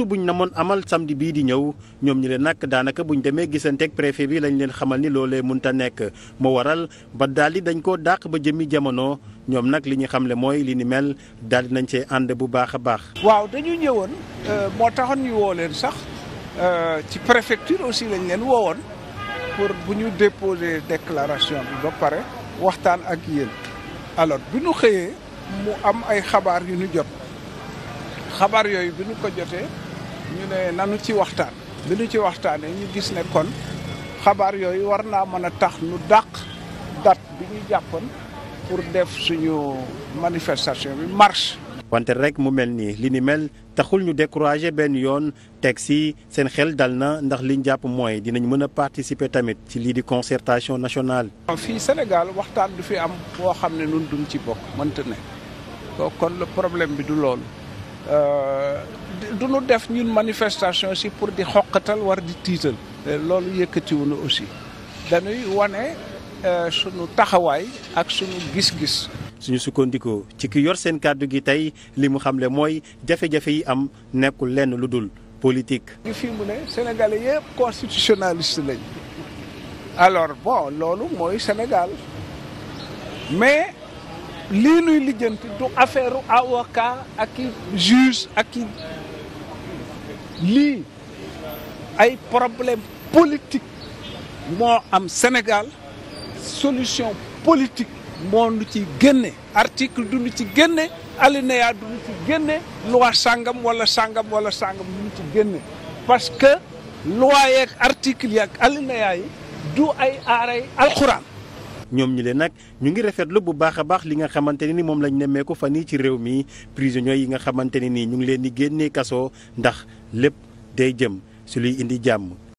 waxtu buñ namoon amal samedi bii di ñëw ñoom ñu leen nakk daanaka buñ demee gisanteeg préfet bi lañ leen xamal ni loolee mënta nekk moo waral ba daal di dañ koo dàq ba jëmi jamono ñoom nag li ñu xamle mooy li ni mel daal di nañ cee ànd bu baax a baax. waaw dañu ñëwoon euh, moo taxoon ñu woo leen sax euh, ci préfecture aussi lañ leen woowoon pour bu ñu déposer déclaration bi ba pare waxtaan ak yéen alors bi ñu xëyee mu am ay xabaar yu ñu jot. xabaar yooyu bi ñu ko ñu ne nanu ci waxtaan bi ñu ci waxtaanee ñu gis ne kon xabaar yooyu war naa mën a tax nu dàq date bi ñu jàppoon pour def suñu manifestation bi marche. wante rek mu mel nii li ni mel taxul ñu découragé benn yoon teg si seen xel dal na ndax liñ jàpp mooy dinañ mën a participer tamit ci lii di concertation nationale. fii Sénégal waxtaan du fi am boo xam ne nun duñ ci bokk mënta ne kon le problème bi du loolu. Euh, du nu def ñun manifestation si pour di xoqatal war di tiital euh, loolu yëkkatiwunu aussi dañuy wane euh, sunu taxawaay ak sunu gis-gis suñu sukkandikoo ci ki yor seen kàddu gi tey li mu xamle mooy jafe-jafe yi am nekkul lenn lu dul politique gi fii mu ne sénégalais yëpp constitutionnaliste lañ alors bon loolu mooy Sénégal mais lii nuy lijjanti du affaire avocat ak i juge lii ay problème politique moo am Sénégal solution politique moo nu ci génne article du nu ci génne alinéa du nu ci génne loi sàngam wala sàngam wala sàngam du nu ci génne parce que loi yeeg article yi ak alinéa yi du ay aaray alxuraan ñoom ñi leen nag ñu ngi rafetlu bu baax a baax li nga xamante ne ni moom lañu nemmeeku fa nii ci réew mi prisonniers yi nga xamante ne nii ñu ngi leen di génnee kaso ndax lépp day jëm si luy indi jàmm